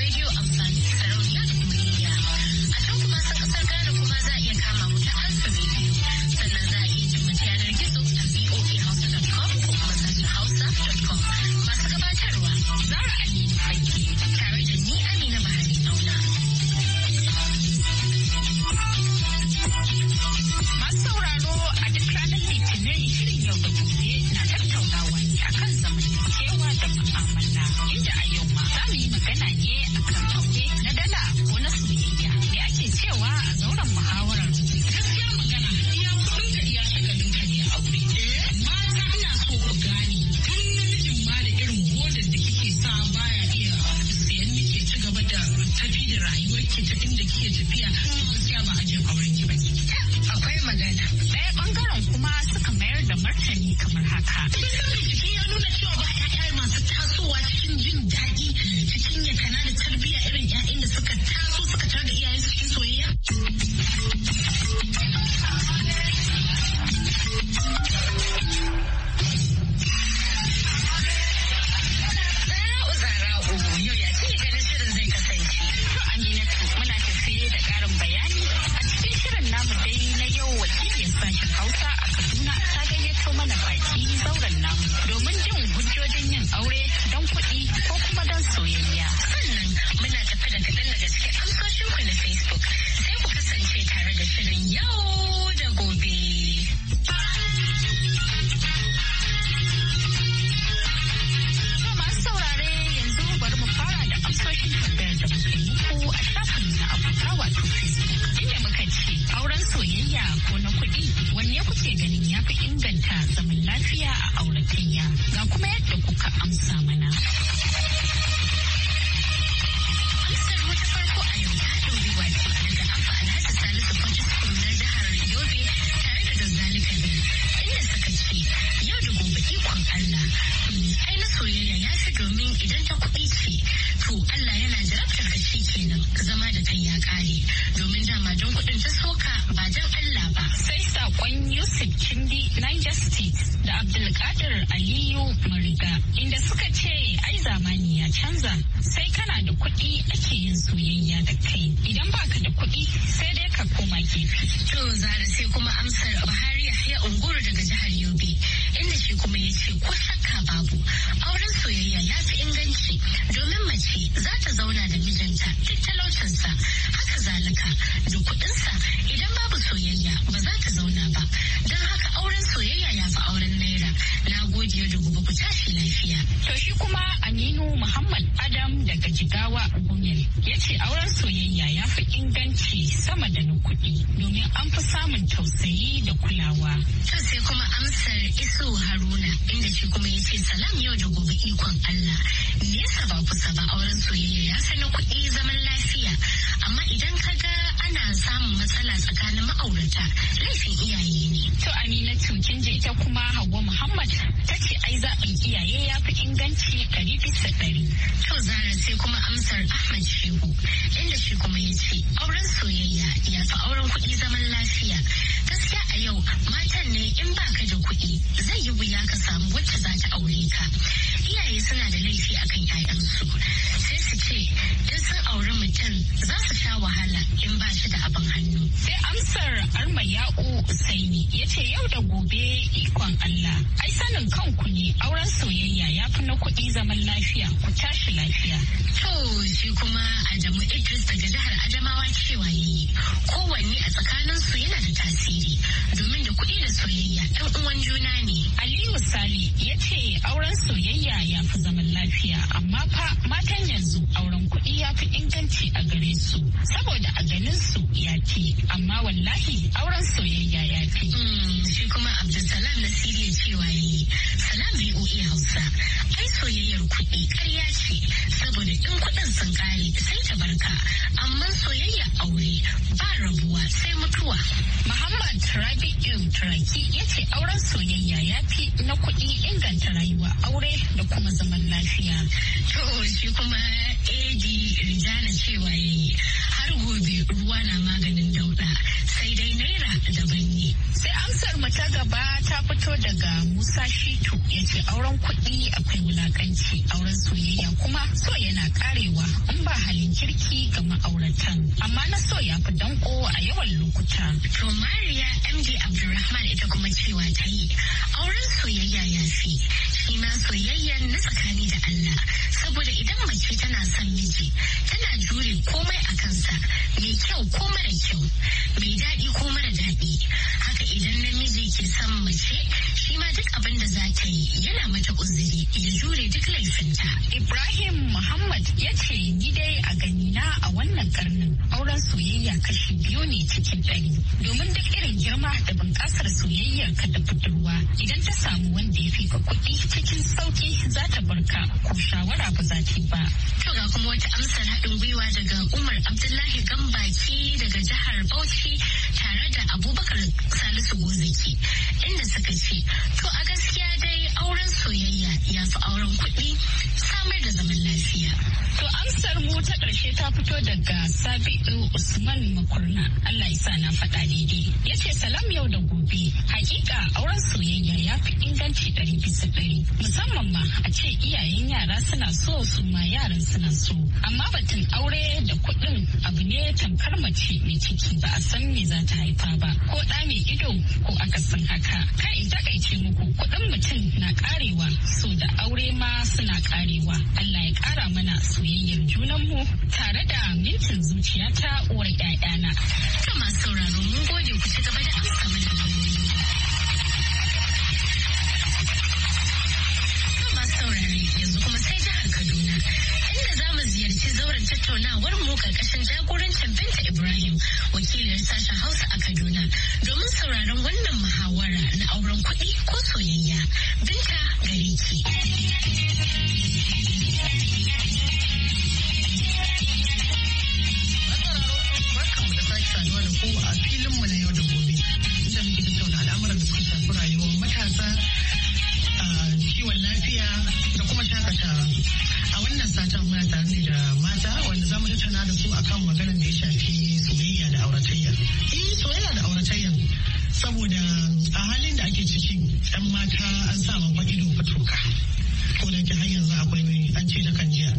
iHeartRadio haka. Sun bincike ya nuna cewa ba ‘ya'ya masu tasowa cikin jin daɗi cikin yakana da tarbiyya irin ‘ya'yan da suka taso suka tare da iyayensu cikin soyayya. ko na kuɗi wanne kuke ganin ya fi inganta zaman lafiya a auratayya ga kuma yadda kuka amsa mana. Amsar wata farko a yau ta ɗauri wato daga Abba Alhaji Salisu Fajiskun na jihar Yobe tare da Gazzalika ne inda suka ce yau da gobe ikon Allah. Ai na soyayya ya fi domin idan ta kuɗi ce to Allah yana jarabtar ka shi kenan zama da kai ya ƙare domin dama don kuɗin ta soka ba don sai sakon Yusuf Chindi Niger State da Abdulkadir Aliyu Mariga inda suka ce ai zamani ya canza sai kana da kuɗi ake yin soyayya da kai idan baka da kuɗi sai dai ka koma gefe. To zara sai kuma amsar Buhari ya Unguru daga jihar Yobe inda shi kuma ya ce ko shakka babu auren soyayya ya fi inganci domin mace za ta zauna da mijinta duk talaucinsa zalika da kuɗinsa idan babu soyayya ba za ta zauna ba don haka auren soyayya ya fi auren naira na gode da gobe ku tashi lafiya. To shi kuma Aminu Muhammad Adam daga Jigawa gunyar ya ce auren soyayya ya fi inganci sama da na kuɗi domin an fi samun tausayi da kulawa. To sai kuma amsar iso Haruna inda shi kuma ya ce salam yau da gobe ikon Allah me nesa ba kusa ba auren soyayya ya san na kuɗi zaman lafiya. amma idan ka ga ana samun matsala tsakanin ma'aurata laifin iyaye ne. To Amina kin je ita kuma Hauwa Muhammad ta ce ai zaɓin iyaye ya fi inganci ɗari bisa ɗari. To Zara sai kuma amsar Ahmad Shehu inda shi kuma ya ce auren soyayya ya fi auren kuɗi zaman lafiya. Gaskiya a yau matan ne in ba ka da kuɗi zai yi wuya ka samu wacce za ta aure ka. Iyaye suna da laifi akan 'ya'yansu. in ba shi da abin hannu sai Amsar arma sai Saini ya ce yau da gobe ikon Allah. Ai sanin kanku ne auren soyayya ya fi na kuɗi zaman lafiya ku tashi lafiya. To shi kuma Adamu Idris daga jihar Adamawa cewa ne kowanne a tsakanin su yana da tasiri domin da kuɗi da soyayya ɗan uwan juna ne. Aliyu Sali ya ce auren soyayya ya fi zaman lafiya amma fa matan yanzu auren kuɗi ya fi inganci a gare su saboda a ganin su ya ce amma wallahi auren soyayya ya fi. Mm, shi kuma Abdulsalam na Siriya cewa yi, salam VOA Hausa, ai soyayyar kuɗi karya ce, saboda in kuɗin sun kare sai ta barka, amma soyayya aure ba rabuwa sai mutuwa. Muhammad Rabi'u Turaki ya ce auren soyayya ya fi na kuɗi inganta rayuwa aure da kuma zaman lafiya. To shi kuma AD Rijana cewa yayi har gobe ruwa na maganin dauɗa. daidai naira daban ne. Sai amsar mu ta gaba ta fito daga Musa Shitu ya ce auren kuɗi akwai wulakanci auren soyayya kuma so yana karewa in ba halin kirki ga ma'auratan amma na so ya fi danko a yawan lokuta. To Mariya MD Abdulrahman ita kuma cewa ta auren soyayya ya fi shi soyayyar na tsakani da Allah saboda idan mace tana son miji tana jure komai a kansa mai kyau ko mara kyau mai daɗi ko mara daɗi haka idan namiji ke son mace shi ma duk abin da za ta yi yana mata uzuri ya jure duk laifinta. Ibrahim Muhammad ya ce ni dai a ganina a wannan karnin auren soyayya kashi biyu ne cikin ɗari. Domin duk irin girma da bunƙasar soyayya ka da budurwa idan ta samu wanda ya fi ka kuɗi cikin sauƙi za ta barka ko shawara ba za ta ba. To ga kuma wata amsar haɗin gwiwa daga Umar Abdullahi Gambaki daga jihar Bauchi tare da Abubakar Salisu Gozaki inda suka ce to a gaskiya dai auren soyayya ya fi auren kuɗi samar da zaman lafiya. To amsar mu ta ƙarshe ta fito daga Sabi'u Usman Makurna. Allah ya sa na faɗa daidai. Ya ce salam yau da gobe. Hakika auren soyayya ya fi inganci ɗari bisa ɗari. Musamman ma a ce iyayen yara suna so su ma yaran suna so. Amma batun aure da kuɗin abu ne tamkar mace mai ciki ba a san me za ta haifa ba. Ko ɗa mai ido ko akasin haka. Kai in takaice muku kuɗin mutum na ƙarewa so da aure ma suna ƙarewa. Allah ya ƙara mana soyayyar junanmu tare da mintin zuciya ta uwar 'ya'yana. Kama sauraro mun gode ku ci gaba da halarci zauren tattaunawar mu karkashin jagorancin Binta Ibrahim wakilin sashen Hausa a Kaduna domin sauraron wannan muhawara na auren kuɗi ko soyayya. Binta gare ki. saduwa A wannan satin muna tare ne da mata wanda zamu mu tattauna da su akan maganar da ya shafi soyayya da auratayya. Eh soyayya da auratayya saboda a halin da ake ciki 'yan mata an sa babban ido fa toka. Ko da ke har yanzu akwai an ce da kan jiya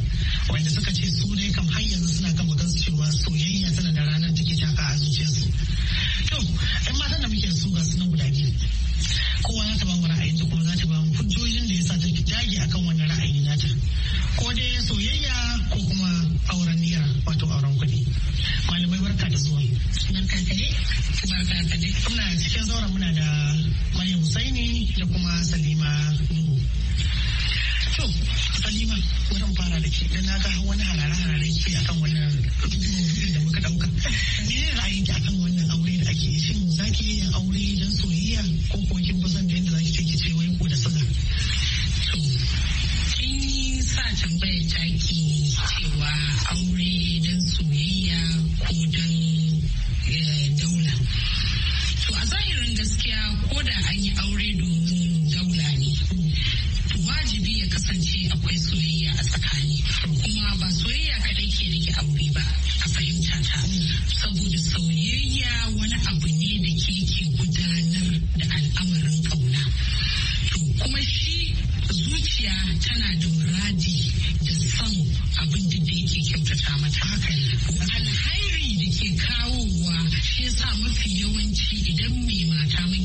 wanda suka ce su dai kam har suna gama magan soyayya tana da ranar take taka a zuciyarsu. ce na ga wani harare-harare ke akan wannan da muka dauka me ne ra'ayin ki akan wannan aure da ake shin ki yin aure don soyayya ko ko kin fi son da yadda zaki ce ki ce wai ko da suga to kin yi sa tambayar taki cewa aure don soyayya ko don eh, daula to a zahirin gaskiya ko da an yi aure domin daula ne wajibi ya kasance akwai soyayya ba soyayya kadai ke rike aure ba a fahimta ta saboda soyayya wani abu ne da ke ke gudanar da al'amarin kauna to kuma shi zuciya tana da muradi da son abin da ke kyautata mata alhairi da ke kawowa shi yasa mafi yawanci idan mai mata mai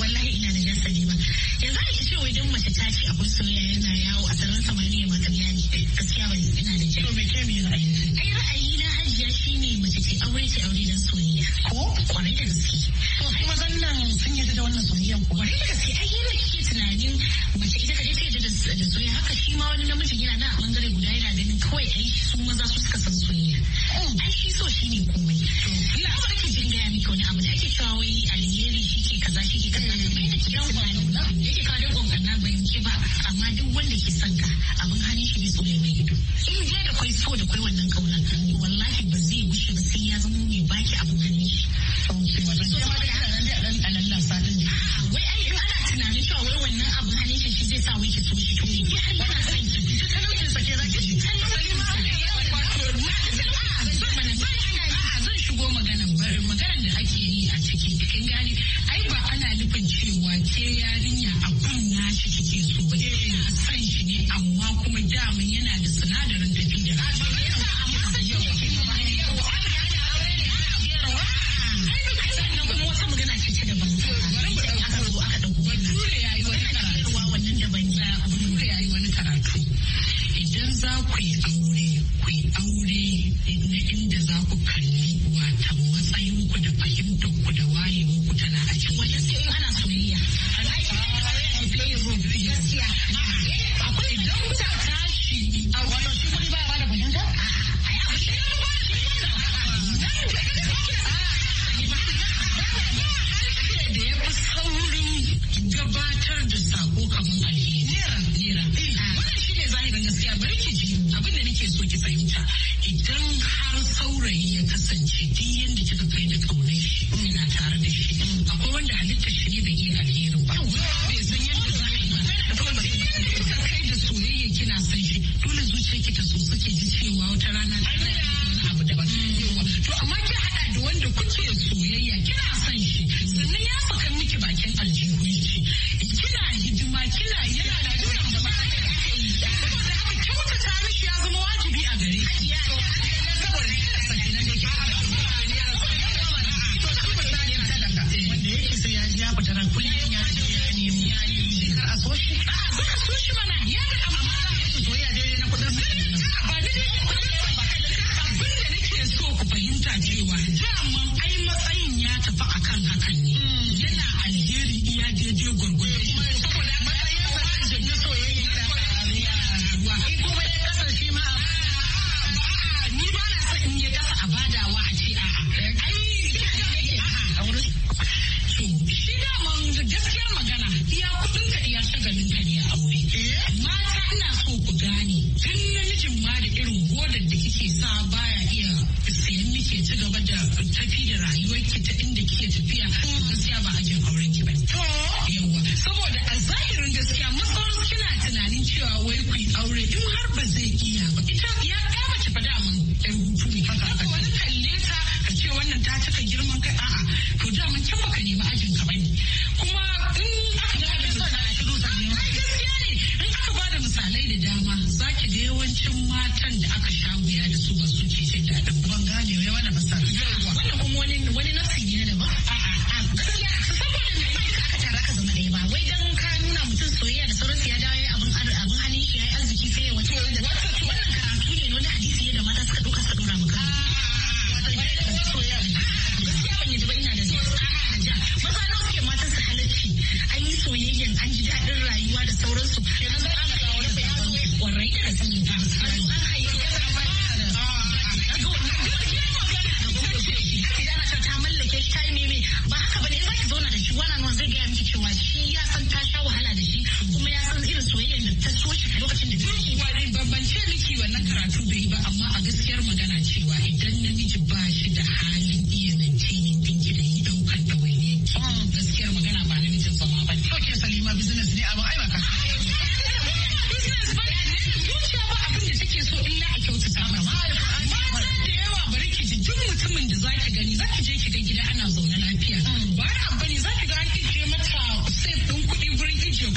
wallahi ina da jasa ne ba yanzu a ce wajen mace ta ce abun soyayya yana yawo a sararin samaniya ma ƙarya ne eh, gaskiya ba ina da jasa nake so ki fahimta idan har saurayi ya kasance duk yadda kika kai da kaunar shi ina tare da shi akwai wanda halittar shi ne bai iya alherin ba bai san yadda za a yi ba ba kai da soyayya kina san shi dole zuciya kita ta so suke ji cewa wata rana tana wani abu da ba wa to amma ki haɗa da wanda kuke soyayya kina san shi sannan ya saka miki bakin aljihu shi kina hidima kina yana da mishi ya zama wajibi a gari. da nake so ku fahimta cewa ai matsayin ya tafi akan Yana alheri iya daidai gwargwado. kyautata ma mata da yawa bari ki ji duk mutumin da zaki gani zaki je ki ga gida ana zaune lafiya mm. ba da abu zaki ga an ije mata safe din kuɗi wurin ije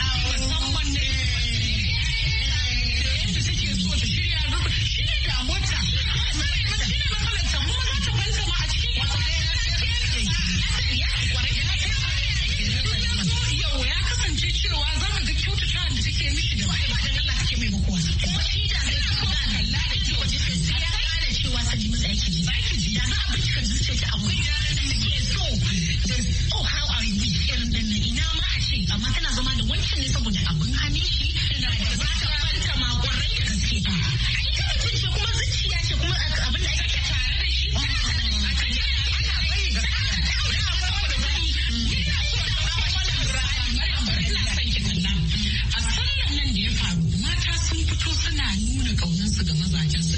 nuna kaunarsu ga mazajensu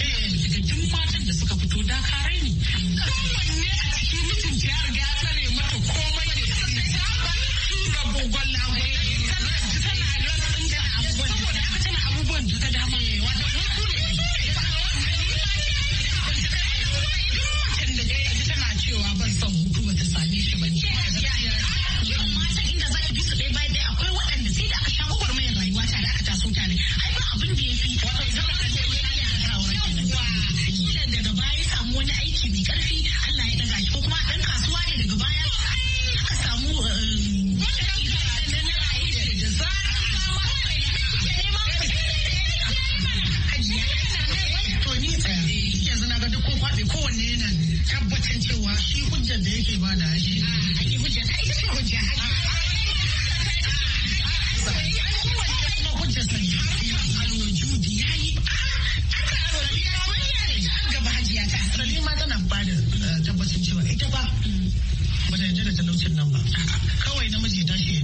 talaucin nan ba kawai namiji tashi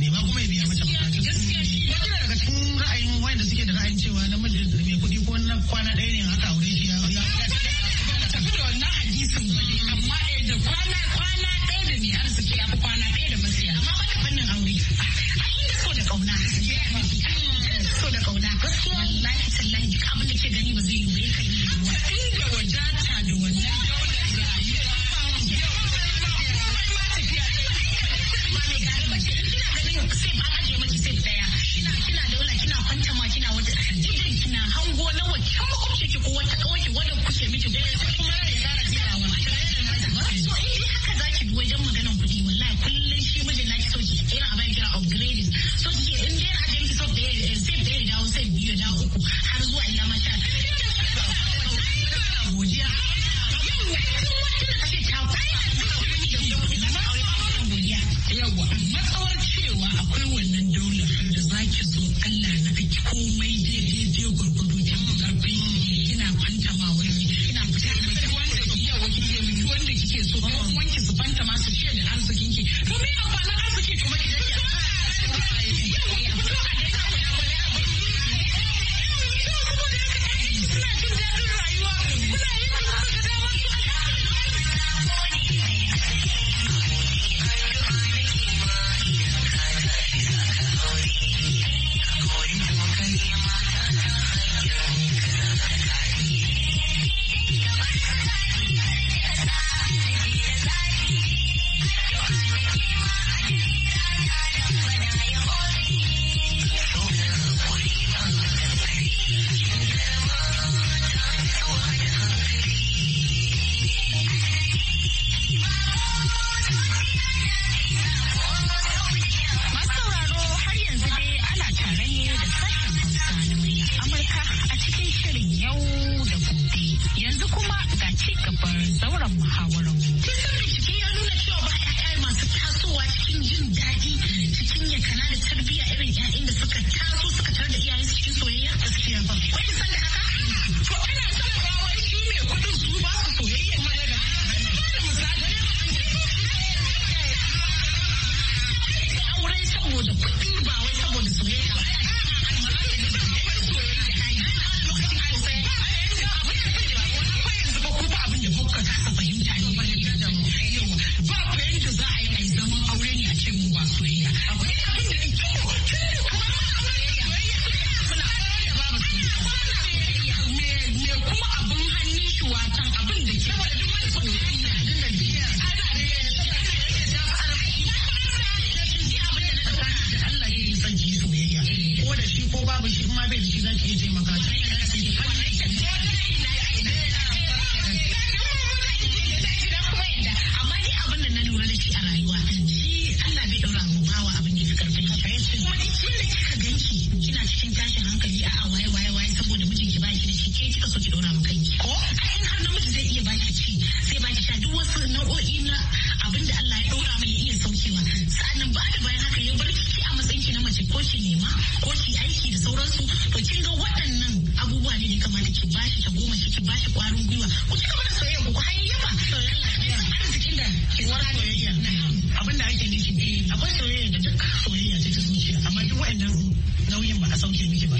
shi nema ko shi aiki da sauransu to kin ga waɗannan abubuwa ne da kamata ki bashi ta goma ki bashi kwarin gwiwa ku ci gaba da soyayya ku har yaba arzikin da ki wara soyayya abin da ake nufi eh. akwai soyayya da duk soyayya ce ta zuciya amma duk waɗannan nauyin ba a sauke miki ba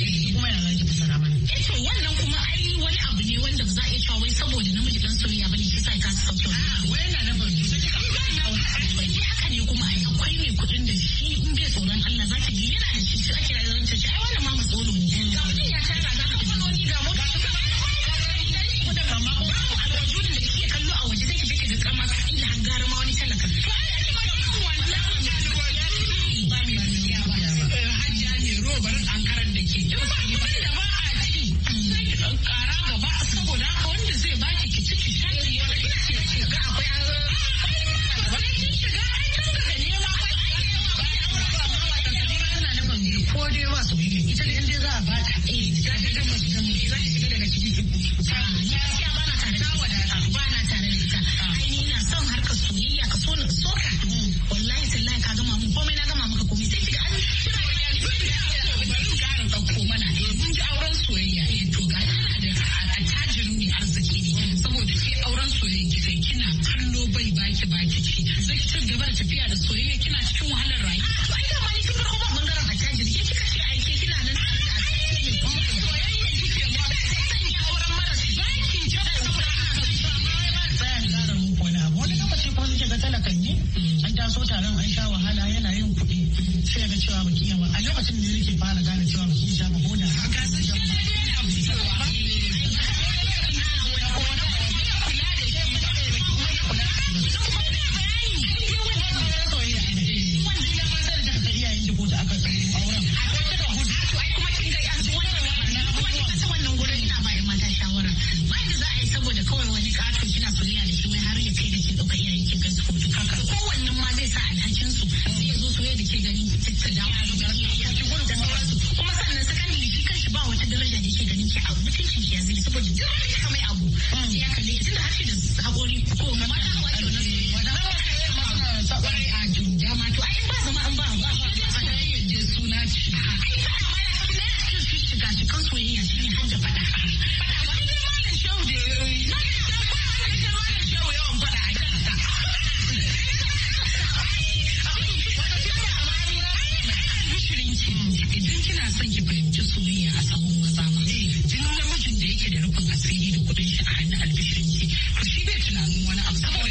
da rufin asiri da kuɗin shi a hannun albishirin ki to shi bai tunanin wani abu saboda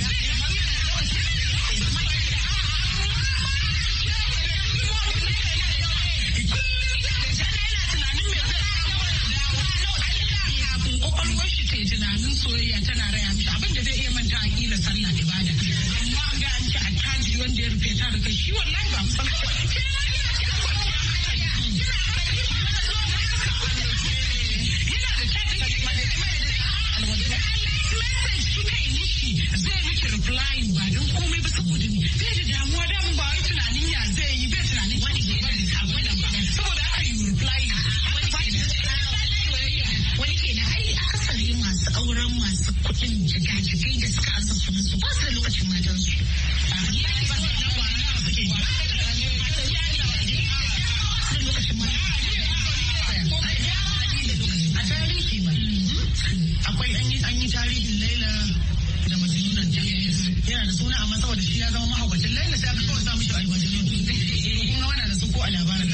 yi tarihin laila da majnunan ya yana da suna amma saboda shi ya zama mahaukacin laila sai aka kawai sa mishi almajnun kun ga da su ko a labarin